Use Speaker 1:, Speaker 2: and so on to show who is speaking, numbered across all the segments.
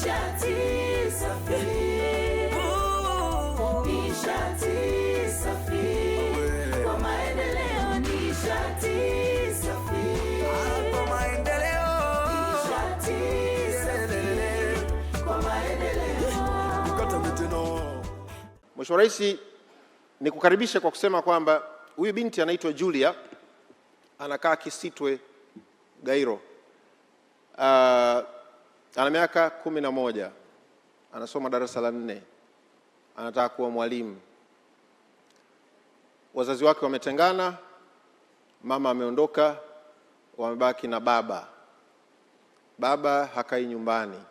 Speaker 1: Nishati safi. Nishati safi. Kwa maendeleo nishati safi. Kwa maendeleo. Nishati safi. Kwa maendeleo. Mheshimiwa Rais, nikukaribisha kwa kusema kwamba huyu binti anaitwa Julia anakaa Kisitwe Gairo. Uh, ana miaka kumi na moja anasoma darasa la nne, anataka kuwa mwalimu. Wazazi wake wametengana, mama ameondoka, wamebaki na baba. Baba hakai nyumbani.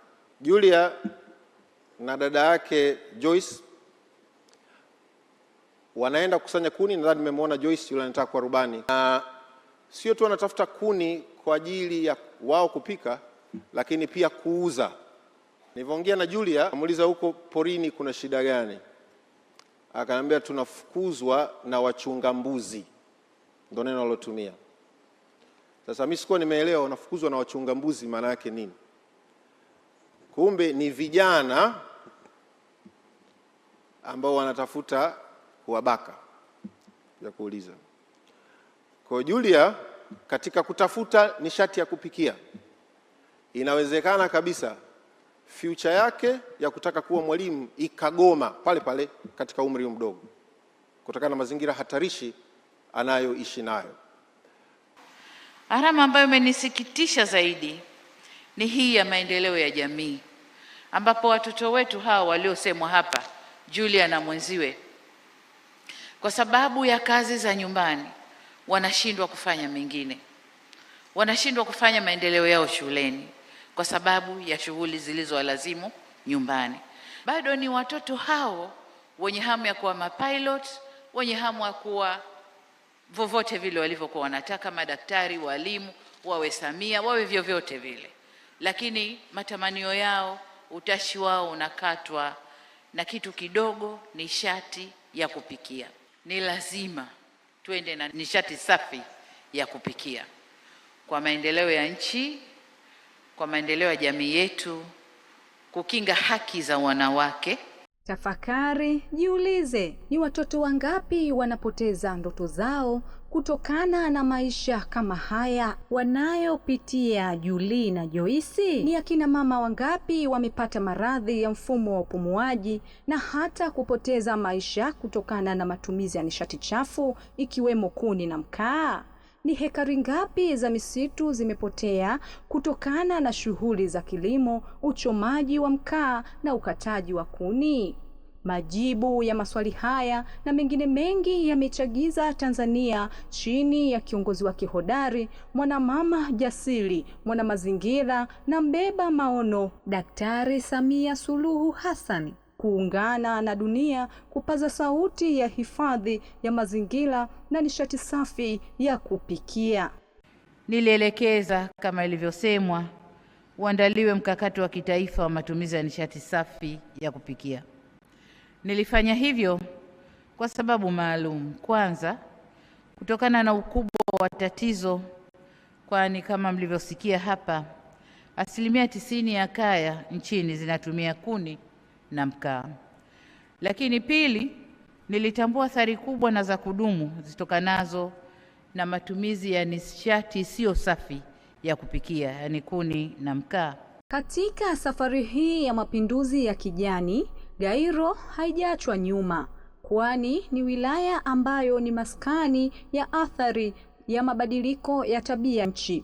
Speaker 1: Julia na dada yake Joyce wanaenda kusanya kuni. Nadhani nimemwona Joyce yule anataka kuwa rubani, na sio tu anatafuta kuni kwa ajili ya wao kupika lakini pia kuuza. Nilivyoongea na Julia, muuliza huko porini kuna shida gani, akaniambia tunafukuzwa na wachunga mbuzi, ndio neno alotumia. Sasa mimi sikuwa nimeelewa wanafukuzwa na wachunga mbuzi maana yake nini. Kumbe ni vijana ambao wanatafuta kuwabaka ya kuuliza. Kwa Julia katika kutafuta nishati ya kupikia inawezekana kabisa future yake ya kutaka kuwa mwalimu ikagoma pale pale katika umri mdogo kutokana na mazingira hatarishi anayoishi nayo.
Speaker 2: Alama ambayo imenisikitisha zaidi ni hii ya maendeleo ya jamii, ambapo watoto wetu hawa waliosemwa hapa, Julia na mwenziwe, kwa sababu ya kazi za nyumbani wanashindwa kufanya mengine, wanashindwa kufanya maendeleo yao shuleni kwa sababu ya shughuli zilizowalazimu nyumbani. Bado ni watoto hao wenye hamu ya kuwa mapilot, wenye hamu ya kuwa vovote vile walivyokuwa wanataka, madaktari, walimu, wawe Samia, wawe vyovyote vile, lakini matamanio yao, utashi wao unakatwa na kitu kidogo, nishati ya kupikia. Ni lazima tuende na nishati safi ya kupikia kwa maendeleo ya nchi kwa maendeleo ya jamii yetu, kukinga haki za wanawake.
Speaker 3: Tafakari, jiulize, ni watoto wangapi wanapoteza ndoto zao kutokana na maisha kama haya wanayopitia Juli na Joisi? Ni akina mama wangapi wamepata maradhi ya mfumo wa upumuaji na hata kupoteza maisha kutokana na matumizi ya nishati chafu ikiwemo kuni na mkaa? ni hekari ngapi za misitu zimepotea kutokana na shughuli za kilimo, uchomaji wa mkaa na ukataji wa kuni? Majibu ya maswali haya na mengine mengi yamechagiza Tanzania chini ya kiongozi wake hodari, mwanamama jasiri, mwanamazingira na mbeba maono, Daktari Samia Suluhu Hassan kuungana na dunia kupaza sauti ya hifadhi ya mazingira na nishati safi ya kupikia.
Speaker 4: Nilielekeza kama ilivyosemwa, uandaliwe mkakati wa kitaifa wa matumizi ya nishati safi ya kupikia. Nilifanya hivyo kwa sababu maalum. Kwanza, kutokana na ukubwa wa tatizo, kwani kama mlivyosikia hapa, asilimia tisini ya kaya nchini zinatumia kuni na mkaa. Lakini pili, nilitambua athari kubwa na za kudumu zitokanazo na matumizi ya nishati isiyo safi ya kupikia, yaani kuni na mkaa.
Speaker 3: Katika safari hii ya mapinduzi ya kijani, Gairo haijaachwa nyuma, kwani ni wilaya ambayo ni maskani ya athari ya mabadiliko ya tabia nchi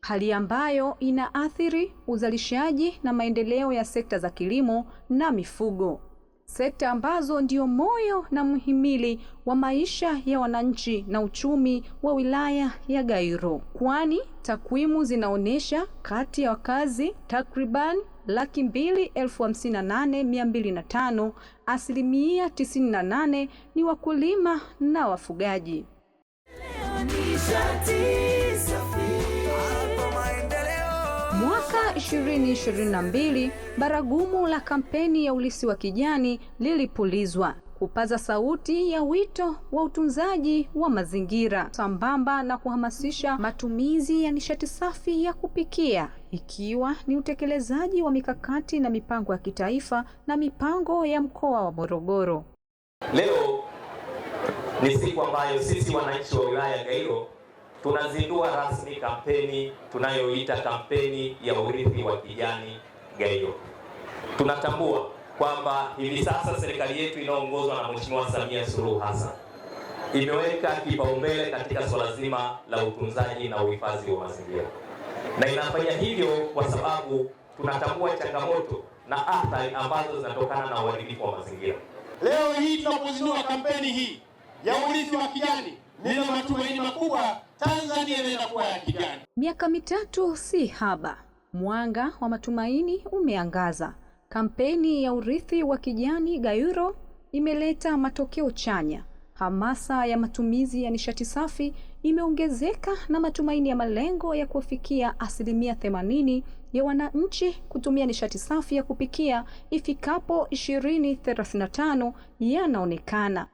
Speaker 3: hali ambayo inaathiri uzalishaji na maendeleo ya sekta za kilimo na mifugo, sekta ambazo ndio moyo na mhimili wa maisha ya wananchi na uchumi wa wilaya ya Gairo, kwani takwimu zinaonyesha kati ya wakazi takriban laki mbili elfu hamsini na nane mia mbili na tano asilimia tisini na nane ni wakulima na wafugaji. 2022 baragumu la kampeni ya ulisi wa kijani lilipulizwa kupaza sauti ya wito wa utunzaji wa mazingira sambamba na kuhamasisha matumizi ya nishati safi ya kupikia ikiwa ni utekelezaji wa mikakati na mipango ya kitaifa na mipango ya mkoa wa Morogoro.
Speaker 5: Leo ni siku ambayo sisi wananchi wa wilaya ya Gairo tunazindua rasmi kampeni tunayoita kampeni ya urithi wa kijani Gairo. Tunatambua kwamba hivi sasa serikali yetu inayoongozwa na Mheshimiwa Samia Suluhu Hassan imeweka kipaumbele katika swala zima la utunzaji na uhifadhi wa mazingira, na inafanya hivyo kwa sababu tunatambua changamoto na athari ambazo zinatokana na uharibifu wa mazingira.
Speaker 6: Leo hii tunapozindua kampeni hii ya urithi wa kijani nina matumaini makubwa Tanzania inaenda kuwa ya kijani.
Speaker 3: Miaka mitatu si haba, mwanga wa matumaini umeangaza. Kampeni ya urithi wa kijani Gayuro imeleta matokeo chanya. Hamasa ya matumizi ya nishati safi imeongezeka na matumaini ya malengo ya kufikia asilimia themanini ya wananchi kutumia nishati safi ya kupikia ifikapo 2035 yanaonekana.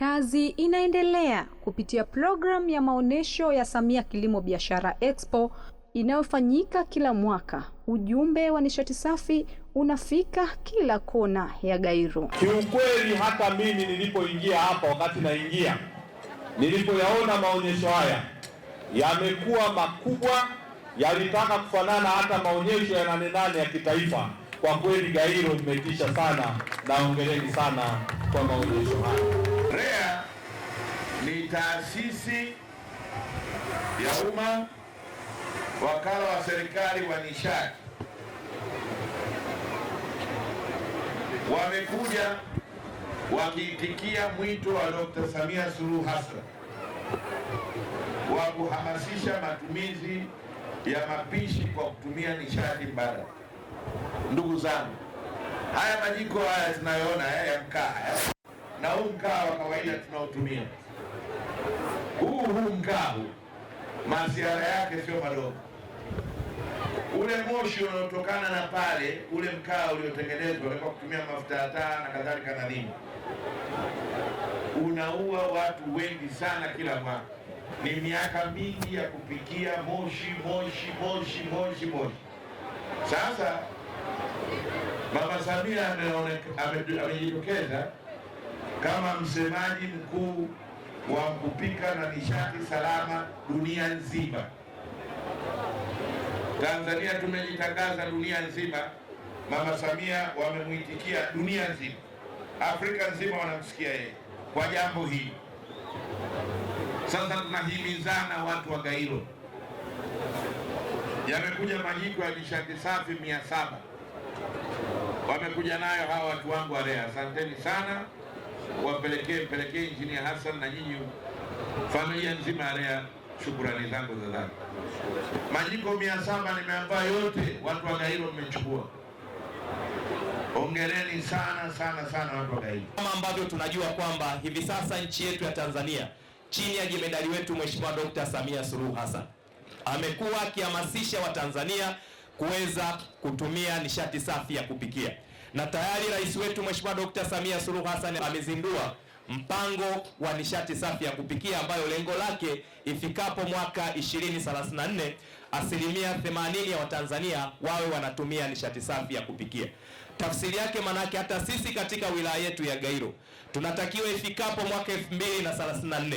Speaker 3: Kazi inaendelea kupitia programu ya maonesho ya Samia Kilimo Biashara Expo inayofanyika kila mwaka. Ujumbe wa nishati safi unafika kila kona ya Gairo.
Speaker 7: Kiukweli hata mimi nilipoingia hapa, wakati naingia, nilipoyaona maonyesho haya yamekuwa makubwa, yalitaka kufanana hata maonyesho ya Nane Nane ya kitaifa. Kwa kweli Gairo imetisha sana, naongeleni sana kwa maonyesho haya.
Speaker 8: REA ni taasisi ya umma, wakala wa serikali wa nishati. Wamekuja wakiitikia mwito wa Dkt. Samia Suluhu Hassan wa kuhamasisha matumizi ya mapishi kwa kutumia nishati mbadala. Ndugu zangu, haya majiko haya tunayoona haya ya mkaa na huu mkaa wa kawaida tunaotumia huu huu mkaa huu, masiara yake sio madogo. Ule moshi unaotokana na pale ule mkaa uliotengenezwa kwa kutumia mafuta ya taa na kadhalika na nini, unaua watu wengi sana kila mwaka. Ni miaka mingi ya kupikia moshi moshi moshi moshi moshi. Sasa Mama Samia amejitokeza kama msemaji mkuu wa kupika na nishati salama dunia nzima. Tanzania tumejitangaza dunia nzima, Mama Samia wamemwitikia dunia nzima, Afrika nzima wanamsikia yeye kwa jambo hili. Sasa tunahimizana watu wa Gairo, yamekuja majiko ya nishati safi mia saba wamekuja nayo hawa watu wangu wa REA, asanteni sana wapelekee mpelekee Injinia Hassan na nyinyi familia nzima ya shukurani zangu za dhati. Majiko mia saba nimeambaa yote, watu wa Gairo mmechukua, ongereni sana sana sana watu wa Gairo.
Speaker 9: Kama ambavyo tunajua kwamba hivi sasa nchi yetu ya Tanzania chini ya jemedari wetu Mheshimiwa Dr. Samia Suluhu Hassan amekuwa akihamasisha Watanzania kuweza kutumia nishati safi ya kupikia na tayari rais wetu Mheshimiwa Dkt. Samia Suluhu Hassan amezindua mpango wa nishati safi ya kupikia ambayo lengo lake ifikapo mwaka 2034 asilimia 80 ya Watanzania wawe wanatumia nishati safi ya kupikia. Tafsiri yake manake hata sisi katika wilaya yetu ya Gairo tunatakiwa ifikapo mwaka 2034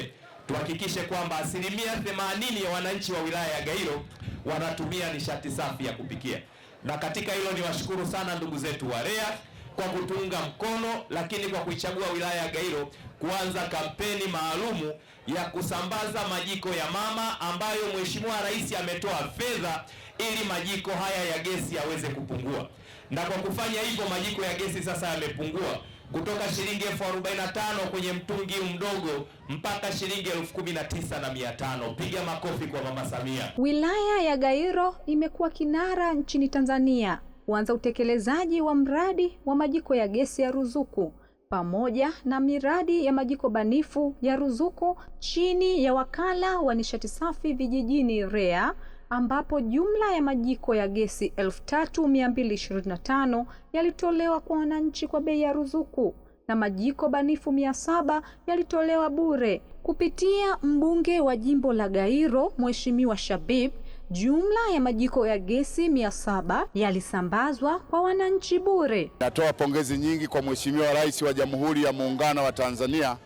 Speaker 9: tuhakikishe kwamba asilimia 80 ya wananchi wa wilaya ya Gairo wanatumia nishati safi ya kupikia na katika hilo niwashukuru sana ndugu zetu wa REA kwa kutuunga mkono, lakini kwa kuichagua wilaya ya Gairo kuanza kampeni maalumu ya kusambaza majiko ya mama ambayo Mheshimiwa Rais ametoa fedha ili majiko haya ya gesi yaweze kupungua, na kwa kufanya hivyo majiko ya gesi sasa yamepungua kutoka shilingi elfu arobaini na tano kwenye mtungi mdogo mpaka shilingi elfu kumi na tisa na mia tano. Piga makofi kwa Mama Samia.
Speaker 3: Wilaya ya Gairo imekuwa kinara nchini Tanzania kuanza utekelezaji wa mradi wa majiko ya gesi ya ruzuku pamoja na miradi ya majiko banifu ya ruzuku chini ya wakala wa nishati safi vijijini REA ambapo jumla ya majiko ya gesi 3225 yalitolewa kwa wananchi kwa bei ya ruzuku na majiko banifu 700 yalitolewa bure. Kupitia mbunge wa jimbo la Gairo, Mheshimiwa Shabib, jumla ya majiko ya gesi 700 yalisambazwa kwa wananchi bure.
Speaker 9: Natoa pongezi nyingi kwa Mheshimiwa Rais wa Jamhuri ya Muungano wa Tanzania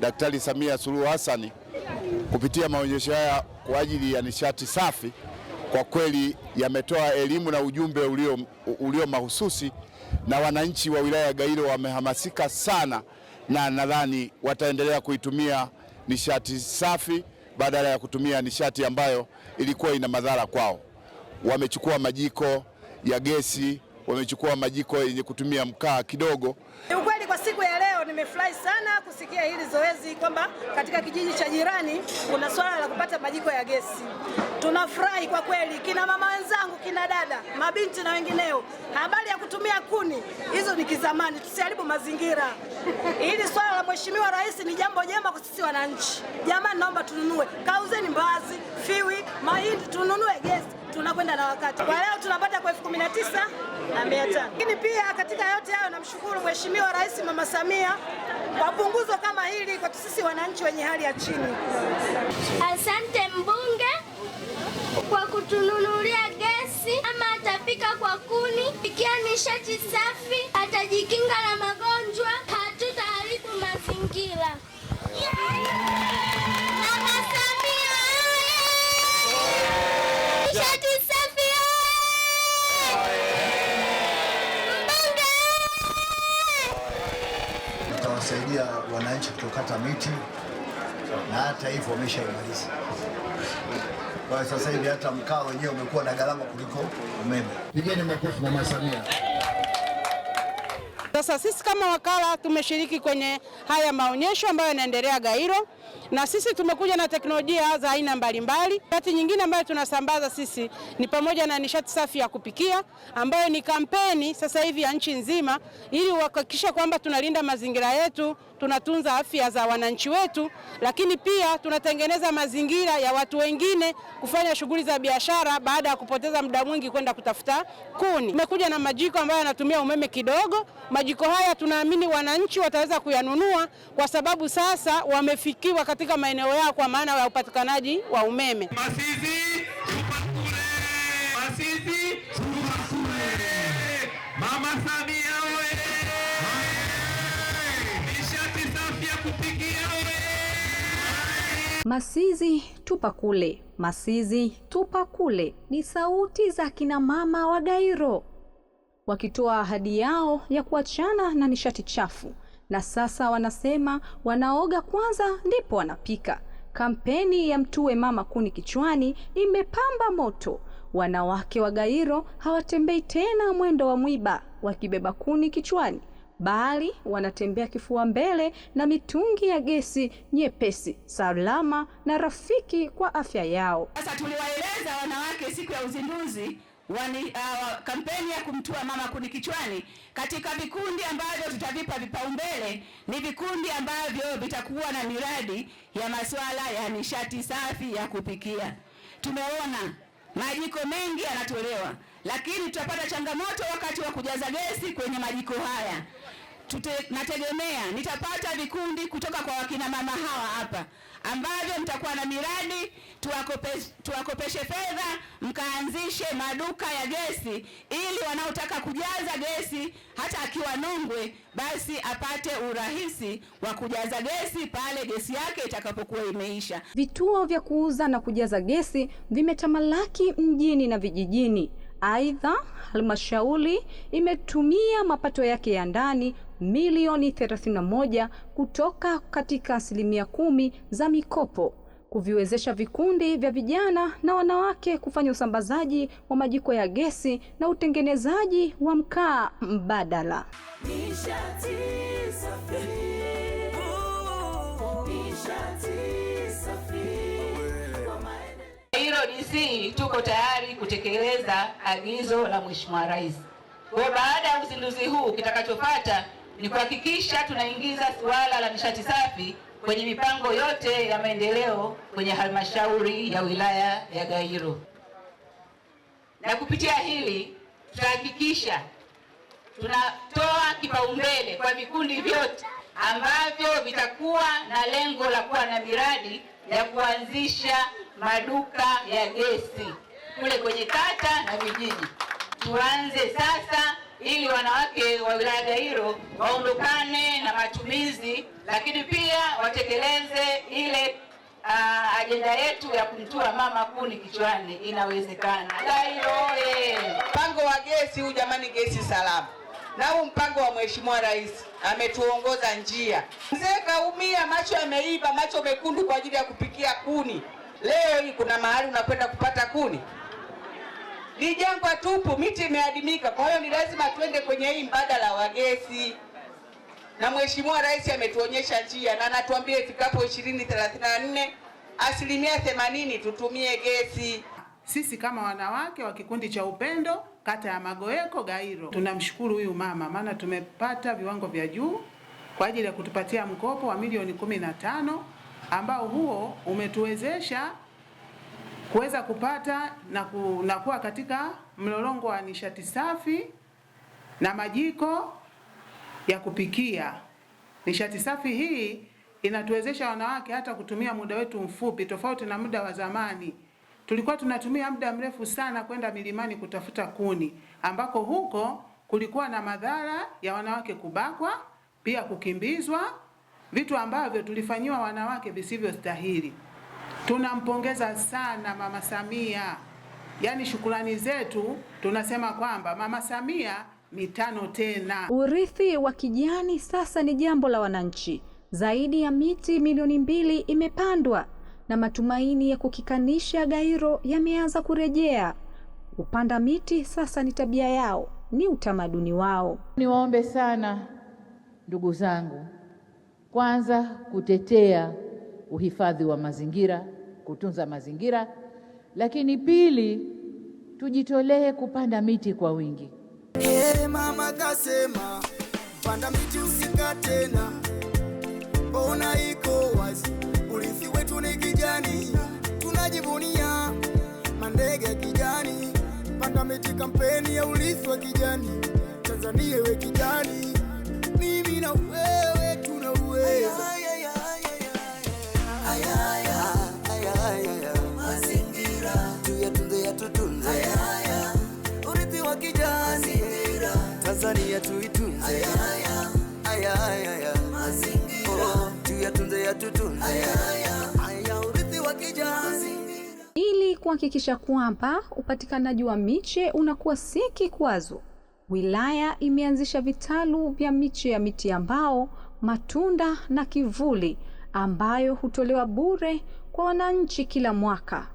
Speaker 9: Daktari Samia Suluhu Hassan kupitia maonyesho haya kwa ajili ya nishati safi kwa kweli yametoa elimu na ujumbe ulio, ulio mahususi na wananchi wa wilaya ya Gairo wamehamasika sana, na nadhani wataendelea kuitumia nishati safi badala ya kutumia nishati ambayo ilikuwa ina madhara kwao. Wamechukua majiko ya gesi, wamechukua majiko yenye kutumia mkaa kidogo.
Speaker 10: Ukweli kwa siku ya leo nimefurahi sana kusikia hili zoezi kwamba katika kijiji cha jirani kuna swala la kupata majiko ya gesi. Tunafurahi kwa kweli, kina mama wenzangu, kina dada, mabinti na wengineo. Habari ya kutumia kuni hizo ni kizamani, tusiharibu mazingira. Hili swala la mheshimiwa rais ni jambo jema kwa sisi wananchi. Jamani, naomba tununue, kauzeni mbaazi, fiwi, mahindi, tununue gesi tunakwenda na wakati. Kwa leo tunapata kwa elfu kumi na tisa na mia tano. Lakini pia katika yote hayo namshukuru Mheshimiwa Rais Mama Samia kwa punguzo kama hili kwa sisi wananchi wenye hali ya chini.
Speaker 11: Asante kwa kutununulia gesi, ama atapika kwa kuni, pikia nishati safi, atajikinga na magonjwa, hatutaharibu mazingira. Mama
Speaker 12: tutawasaidia wananchi kutokata miti na hata hivyo wameshaimaliza. Kwa sasa hivi hata mkaa wenyewe umekuwa na gharama kuliko umeme. Pigeni makofi Mama Samia.
Speaker 13: Sasa sisi kama wakala tumeshiriki kwenye haya maonyesho ambayo yanaendelea Gairo na sisi tumekuja na teknolojia za aina mbalimbali. Kati nyingine ambayo tunasambaza sisi ni pamoja na nishati safi ya kupikia ambayo ni kampeni sasa hivi ya nchi nzima, ili kuhakikisha kwamba tunalinda mazingira yetu, tunatunza afya za wananchi wetu, lakini pia tunatengeneza mazingira ya watu wengine kufanya shughuli za biashara baada ya kupoteza muda mwingi kwenda kutafuta kuni. Tumekuja na majiko ambayo yanatumia umeme kidogo. Majiko haya tunaamini wananchi wataweza kuyanunua kwa sababu sasa wamefikiwa katika maeneo yao kwa maana ya upatikanaji wa umeme. masizi tukakule, Masizi tukakule, Mama Samia
Speaker 3: oye, nishati safi ya kupikia oye. kule, Masizi tupa kule, ni sauti za kina mama wa Gairo wakitoa ahadi yao ya kuachana na nishati chafu na sasa wanasema wanaoga kwanza ndipo wanapika. Kampeni ya mtue mama kuni kichwani imepamba moto. Wanawake wa Gairo hawatembei tena mwendo wa mwiba wakibeba kuni kichwani, bali wanatembea kifua mbele na mitungi ya gesi nyepesi, salama na rafiki kwa afya yao.
Speaker 14: Sasa tuliwaeleza wanawake siku ya uzinduzi wani, uh, kampeni ya kumtua mama kuni kichwani katika vikundi ambavyo tutavipa vipaumbele ni vikundi ambavyo vitakuwa na miradi ya masuala ya nishati safi ya kupikia. Tumeona majiko mengi yanatolewa, lakini tutapata changamoto wakati wa kujaza gesi kwenye majiko haya nategemea nitapata vikundi kutoka kwa wakinamama hawa hapa ambavyo mtakuwa na miradi tuwakopeshe, tuwakopeshe fedha mkaanzishe maduka ya gesi ili wanaotaka kujaza gesi hata akiwa Nongwe basi apate urahisi wa kujaza gesi pale gesi yake itakapokuwa imeisha.
Speaker 3: Vituo vya kuuza na kujaza gesi vimetamalaki mjini na vijijini. Aidha, halmashauri imetumia mapato yake ya ndani milioni 31 kutoka katika asilimia kumi za mikopo kuviwezesha vikundi vya vijana na wanawake kufanya usambazaji wa majiko ya gesi na utengenezaji wa mkaa mbadala. Nishati safi.
Speaker 15: tuko tayari kutekeleza agizo la Mheshimiwa Rais. Kwa baada ya uzinduzi huu kitakachofuata ni kuhakikisha tunaingiza suala la nishati safi kwenye mipango yote ya maendeleo kwenye halmashauri ya wilaya ya Gairo, na kupitia hili tutahakikisha tunatoa kipaumbele kwa vikundi vyote ambavyo vitakuwa na lengo la kuwa na miradi ya kuanzisha maduka ya gesi kule kwenye kata na vijiji. Tuanze sasa ili wanawake wa wilaya Gairo waondokane na matumizi, lakini pia watekeleze ile uh, ajenda yetu ya kumtua mama kuni kichwani. Inawezekana. Gairo ye
Speaker 16: mpango wa gesi huu, jamani, gesi salama na huu mpango wa Mheshimiwa Rais ametuongoza njia. Mzee kaumia macho, yameiba macho mekundu kwa ajili ya kupikia kuni. Leo hii kuna mahali unakwenda kupata kuni? ni jangwa tupu, miti imeadimika. Kwa hiyo ni lazima tuende kwenye hii mbadala wa gesi, na Mheshimiwa Rais ametuonyesha njia na anatuambia ifikapo 2034 asilimia 80 tutumie gesi.
Speaker 17: Sisi kama wanawake wa kikundi cha Upendo kata ya Magoeko Gairo, tunamshukuru huyu mama, maana tumepata viwango vya juu kwa ajili ya kutupatia mkopo wa milioni 15 ambao huo umetuwezesha kuweza kupata na, ku, na kuwa katika mlolongo wa nishati safi na majiko ya kupikia. Nishati safi hii inatuwezesha wanawake hata kutumia muda wetu mfupi, tofauti na muda wa zamani. Tulikuwa tunatumia muda mrefu sana kwenda milimani kutafuta kuni, ambako huko kulikuwa na madhara ya wanawake kubakwa, pia kukimbizwa, vitu ambavyo tulifanyiwa wanawake visivyostahili. Tunampongeza sana Mama Samia, yaani shukrani zetu tunasema kwamba Mama Samia mitano tena.
Speaker 3: Urithi wa kijani sasa ni jambo la wananchi. Zaidi ya miti milioni mbili imepandwa na matumaini ya kukikanisha Gairo yameanza kurejea. Kupanda miti sasa ni tabia yao, ni utamaduni wao.
Speaker 18: Niwaombe sana ndugu zangu, kwanza kutetea uhifadhi wa mazingira kutunza mazingira, lakini pili, tujitolee kupanda miti kwa wingi. Hey, eh, mama kasema panda miti usika tena, mbona iko wazi, urithi wetu ni kijani, tunajivunia mandege ya kijani, panda miti, kampeni ya urithi wa kijani, Tanzania we kijani, mimi na wewe
Speaker 3: Ili kuhakikisha kwamba upatikanaji wa miche unakuwa si kikwazo, wilaya imeanzisha vitalu vya miche ya miti ya mbao, matunda na kivuli ambayo hutolewa bure kwa wananchi kila mwaka.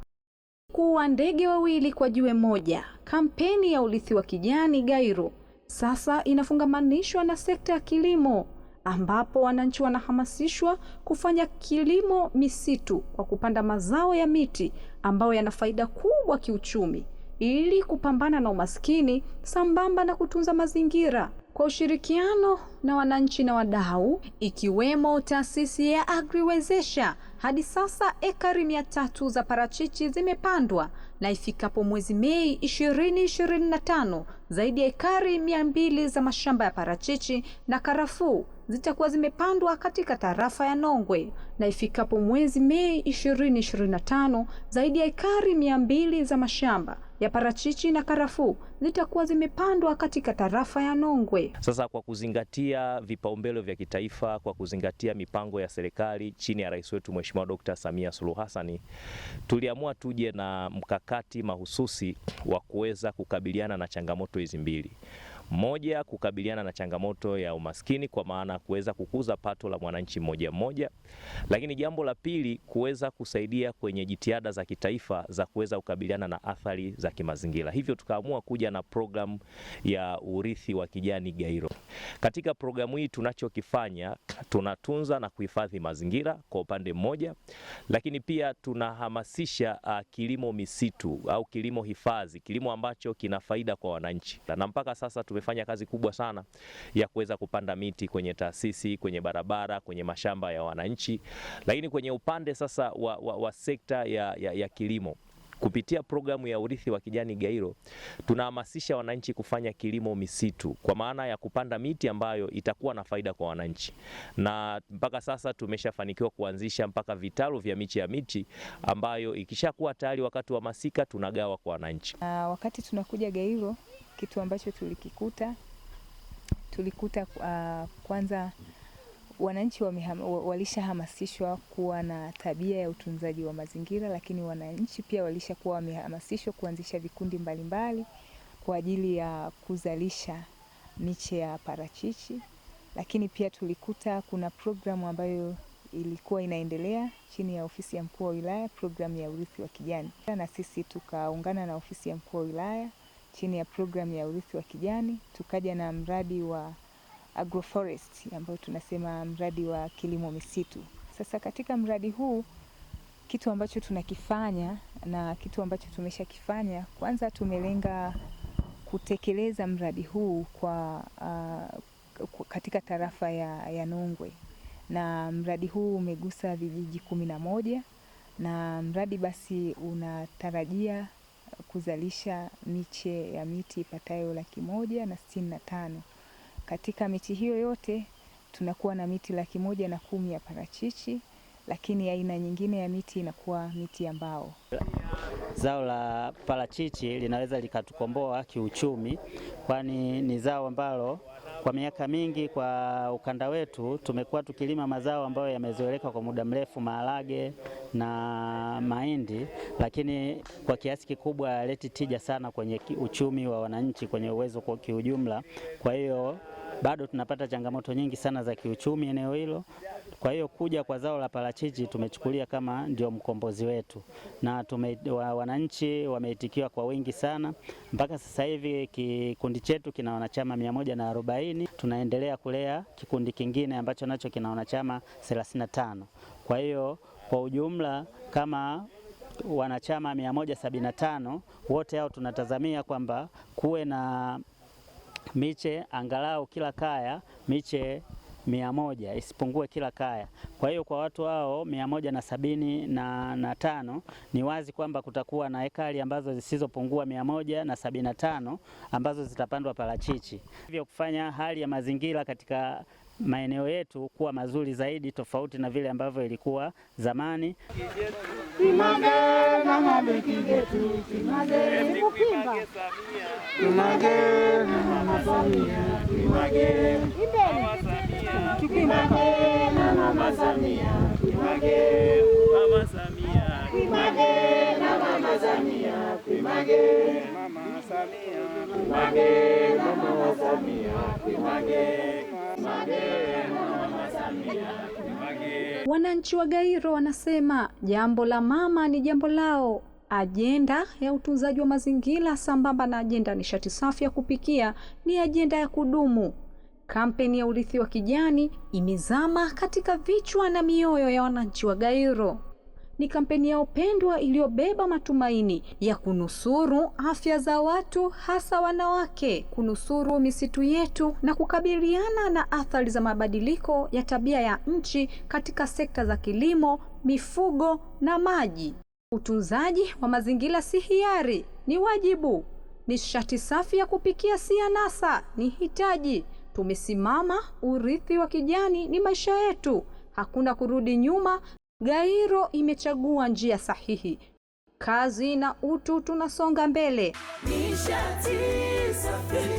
Speaker 3: Kuwa ndege wawili kwa jiwe moja, kampeni ya urithi wa kijani Gairo sasa inafungamanishwa na sekta ya kilimo ambapo wananchi wanahamasishwa kufanya kilimo misitu kwa kupanda mazao ya miti ambayo yana faida kubwa kiuchumi ili kupambana na umaskini sambamba na kutunza mazingira. Kwa ushirikiano na wananchi na wadau ikiwemo taasisi ya Agriwezesha, hadi sasa ekari mia tatu za parachichi zimepandwa na ifikapo mwezi Mei 2025 zaidi ya ekari mia mbili za mashamba ya parachichi na karafuu zitakuwa zimepandwa katika tarafa ya Nongwe na ifikapo mwezi Mei 2025 zaidi ya ekari mia mbili za mashamba ya parachichi na karafuu zitakuwa zimepandwa katika tarafa ya Nongwe.
Speaker 19: Sasa kwa kuzingatia vipaumbele vya kitaifa, kwa kuzingatia mipango ya serikali chini ya rais wetu Mheshimiwa Dkt. Samia Suluhu Hassan, tuliamua tuje na mkakati mahususi wa kuweza kukabiliana na changamoto hizi mbili. Moja, kukabiliana na changamoto ya umaskini kwa maana kuweza kukuza pato la mwananchi mmoja mmoja, lakini jambo la pili, kuweza kusaidia kwenye jitihada za kitaifa za kuweza kukabiliana na athari za kimazingira. Hivyo tukaamua kuja na programu ya urithi wa kijani Gairo. Katika programu hii tunachokifanya, tunatunza na kuhifadhi mazingira kwa upande mmoja, lakini pia tunahamasisha uh, kilimo misitu au kilimo hifadhi, kilimo ambacho kina faida kwa wananchi na mpaka sasa tume tumefanya kazi kubwa sana ya kuweza kupanda miti kwenye taasisi, kwenye barabara, kwenye mashamba ya wananchi. Lakini kwenye upande sasa wa, wa, wa sekta ya, ya, ya kilimo kupitia programu ya urithi wa kijani Gairo tunahamasisha wananchi kufanya kilimo misitu kwa maana ya kupanda miti ambayo itakuwa na faida kwa wananchi, na mpaka sasa tumeshafanikiwa kuanzisha mpaka vitalu vya miche ya miti ambayo ikishakuwa tayari wakati wa masika tunagawa kwa wananchi.
Speaker 20: Uh, wakati tunakuja Gairo kitu ambacho tulikikuta tulikuta uh, kwanza wananchi walishahamasishwa kuwa na tabia ya utunzaji wa mazingira, lakini wananchi pia walishakuwa wamehamasishwa kuanzisha vikundi mbalimbali mbali kwa ajili ya kuzalisha miche ya parachichi. Lakini pia tulikuta kuna programu ambayo ilikuwa inaendelea chini ya ofisi ya mkuu wa wilaya, programu ya urithi wa kijani, na sisi tukaungana na ofisi ya mkuu wa wilaya chini ya programu ya urithi wa kijani, tukaja na mradi wa agroforest ambao tunasema mradi wa kilimo misitu. Sasa katika mradi huu kitu ambacho tunakifanya na kitu ambacho tumeshakifanya, kwanza tumelenga kutekeleza mradi huu kwa uh, katika tarafa ya, ya Nongwe na mradi huu umegusa vijiji kumi na moja na mradi basi unatarajia kuzalisha miche ya miti ipatayo laki moja na sitini na tano. Katika miti hiyo yote tunakuwa na miti laki moja na kumi ya parachichi, lakini aina nyingine ya miti inakuwa miti ya mbao.
Speaker 21: Zao la parachichi linaweza likatukomboa kiuchumi, kwani ni zao ambalo kwa miaka mingi kwa ukanda wetu tumekuwa tukilima mazao ambayo yamezoeleka kwa muda mrefu, maharage na mahindi, lakini kwa kiasi kikubwa hayaleti tija sana kwenye uchumi wa wananchi, kwenye uwezo kwa kiujumla. Kwa hiyo bado tunapata changamoto nyingi sana za kiuchumi eneo hilo, kwa hiyo kuja kwa zao la parachichi tumechukulia kama ndio mkombozi wetu, na tume, wa, wananchi wameitikiwa kwa wingi sana. Mpaka sasa hivi kikundi chetu kina wanachama mia moja na arobaini. Tunaendelea kulea kikundi kingine ambacho nacho kina wanachama 35. tano. Kwa hiyo kwa ujumla kama wanachama 175 wote hao tunatazamia kwamba kuwe na miche angalau kila kaya miche mia moja isipungue kila kaya. Kwa hiyo kwa watu hao mia moja na sabini na, na tano ni wazi kwamba kutakuwa na ekari ambazo zisizopungua mia moja na sabini na tano ambazo zitapandwa parachichi, hivyo kufanya hali ya mazingira katika maeneo yetu kuwa mazuri zaidi, tofauti na vile ambavyo ilikuwa zamani na Mama Samia, Mama
Speaker 3: Samia, na Mama Samia, Mama Samia, na Mama Samia, Mama Samia, Wananchi wa Gairo wanasema jambo la mama ni jambo lao. Ajenda ya utunzaji wa mazingira sambamba na ajenda nishati safi ya kupikia ni ajenda ya kudumu Kampeni ya urithi wa kijani imezama katika vichwa na mioyo ya wananchi wa Gairo. Ni kampeni yao pendwa iliyobeba matumaini ya kunusuru afya za watu, hasa wanawake, kunusuru misitu yetu na kukabiliana na athari za mabadiliko ya tabia ya nchi katika sekta za kilimo, mifugo na maji. Utunzaji wa mazingira si hiari, ni wajibu. Nishati safi ya kupikia si anasa, ni hitaji. Tumesimama, urithi wa kijani ni maisha yetu, hakuna kurudi nyuma. Gairo imechagua njia sahihi, kazi na utu, tunasonga mbele. Nishati safi.